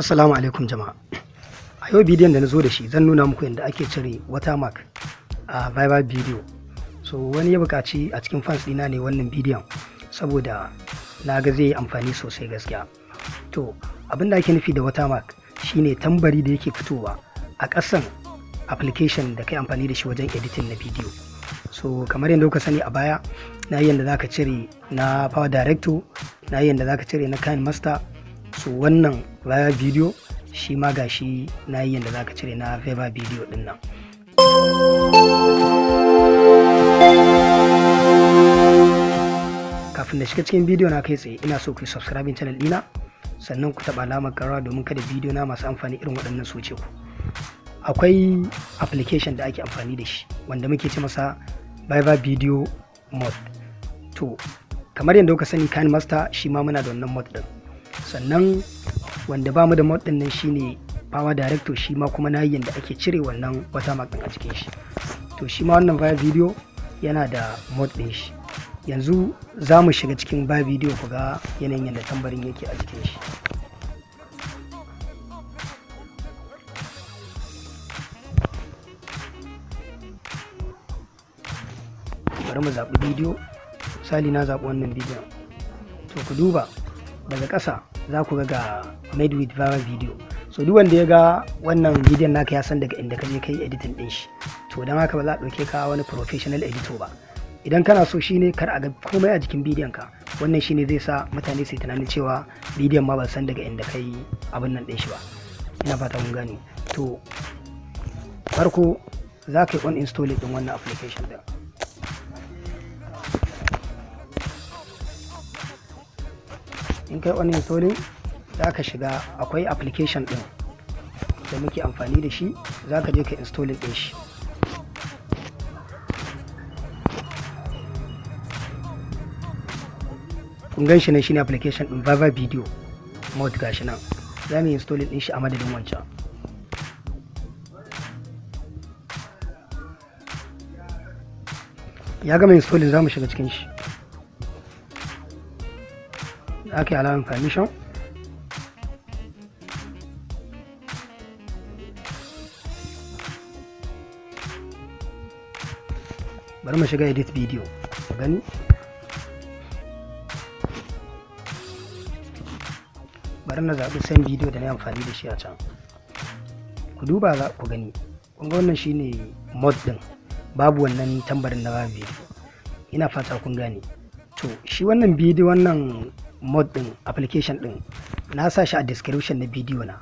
Assalamu alaikum jama'a. A yau bidiyon da na zo da shi zan nuna muku yadda ake cire watermark a Viber video. So wani ya buƙaci a cikin fans dina ne wannan bidiyon saboda na ga zai yi amfani sosai gaskiya. To abin da ake nufi da watermark shine tambari da yake fitowa a ƙasan application da kai amfani da shi wajen editing na bidiyo. So kamar yadda kuka sani a baya na yi yadda za ka cire na Power Director, na yi yadda za ka cire na Kind Master, so wannan raya video shi ma gashi na yi yadda za ka cire na viva video din nan kafin da shiga cikin bidiyo na kai tsaye ina so ku subscribing channel dina sannan ku taba alamar karawa domin kada bidiyo na masu amfani irin waɗannan su ku akwai application da ake amfani da shi wanda muke ce masa Viva Video mod to kamar yadda kuka sani Kind Master shi ma muna da wannan mod din sannan wanda ba mu da mod nan shine power director shi ma kuma na yadda ake cire wannan wata makon a cikin shi to shi ma wannan via video yana da motsin shi yanzu za mu shiga cikin via bidiyo ku ga yanayin yadda tambarin yake a cikin shi bari mu zaɓi bidiyo misali na zaɓi wannan bidiyon to ku duba daga ƙasa za ku ga made with viral video so duk wanda ya ga wannan bidiyon naka ya san daga inda ka je kai editing din shi to don haka ba za a ɗauke ka wani professional editor ba idan kana so shine kar a ga komai a jikin bidiyon ka wannan shine zai sa mutane su tunanin cewa bidiyon ma ba san daga inda kai abin nan din shi ba ina fata mun gane to farko za ka yi on install din wannan application din in kai wani installing za ka shiga akwai application ɗin da muke amfani da shi za ka je ka installing ɗin shi kun gan shi ne shine application ɗin Viva Video mode shi nan za mu installing ɗin shi a madadin wancan ya gama installing za mu shiga cikin shi ake allowing permission bari mu shiga edit video ku gani bari na zaɓi san video da na yi amfani da shi a can ku duba za ku gani kunga wannan shine mod din babu wannan tambarin na babu ina fata kun gane to shi wannan bidiyo wannan mod din application din na sa shi a description na bidiyo na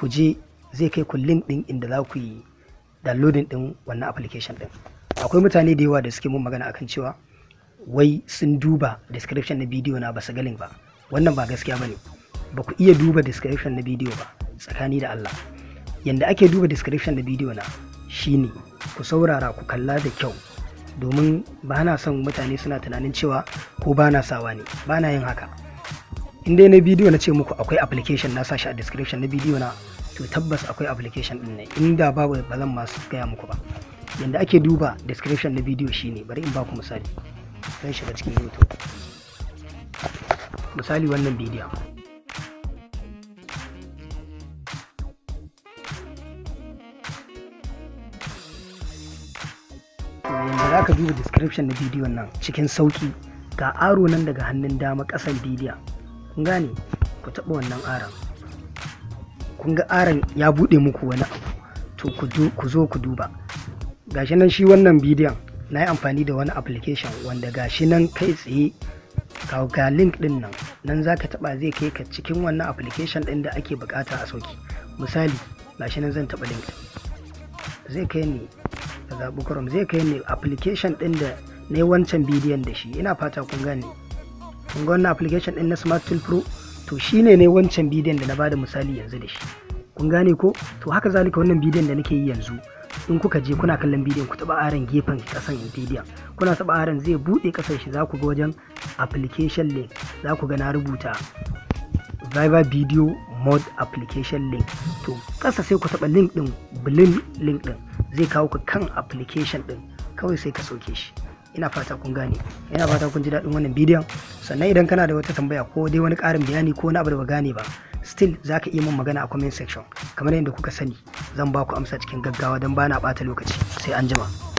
ku je zai kai ku link din inda za ku yi downloading din wannan application din akwai mutane da yawa da suke mun magana akan cewa wai sun duba description na bidiyo na ba su ga link ba wannan ba gaskiya bane ba ku iya duba description na bidiyo ba tsakani da Allah yanda ake duba description na bidiyo na shine ku saurara ku kalla da kyau domin ba na son mutane suna tunanin cewa ko ba na sawa ne ba na yin haka in dai na bidiyo na ce muku akwai application na sashi a description na bidiyo na to tabbas akwai application din ne inda babu ba zan masu gaya muku ba yanda ake duba description na bidiyo shine bari in baku misali zan shiga cikin youtube misali wannan bidiyo. za ka duba description na bidiyon nan cikin sauki ga aro nan daga hannun dama ƙasan bidiyon kun gane ku taɓa wannan aran kun ga aran ya buɗe muku wani abu to ku zo ku duba gashi nan shi wannan bidiyon na yi amfani da wani application wanda gashi nan kai tsaye ga link din nan nan za ka taɓa zai kai ka cikin wannan application din da ake bukata a sauki misali gashi nan zan taɓa link zai kai ne zaɓi chrome zai kai ne application din da na yi wancan bidiyon da shi ina fata kun gane kun ga wannan application din na smart tool pro to shine ne wancan bidiyon da na bada misali yanzu da shi kun gane ko to haka zalika wannan bidiyon da nake yi yanzu in kuka je kuna kallon bidiyon ku taba aran gefen kasan Nvidia kuna taba aran zai bude kasan shi za ku ga wajen application link za ku ga na rubuta Viber video mod application link to kasa sai ku taba link din blin link din zai kawo ku kan application din kawai sai ka soke shi ina fata kun gane ina fata kun ji daɗin wannan bidiyon sannan idan kana da wata tambaya ko dai wani ƙarin bayani ko wani abu da ba gane ba still za ka iya min magana a comment section kamar yadda kuka sani zan ba ku amsa cikin gaggawa don ba na ɓata lokaci sai an jima.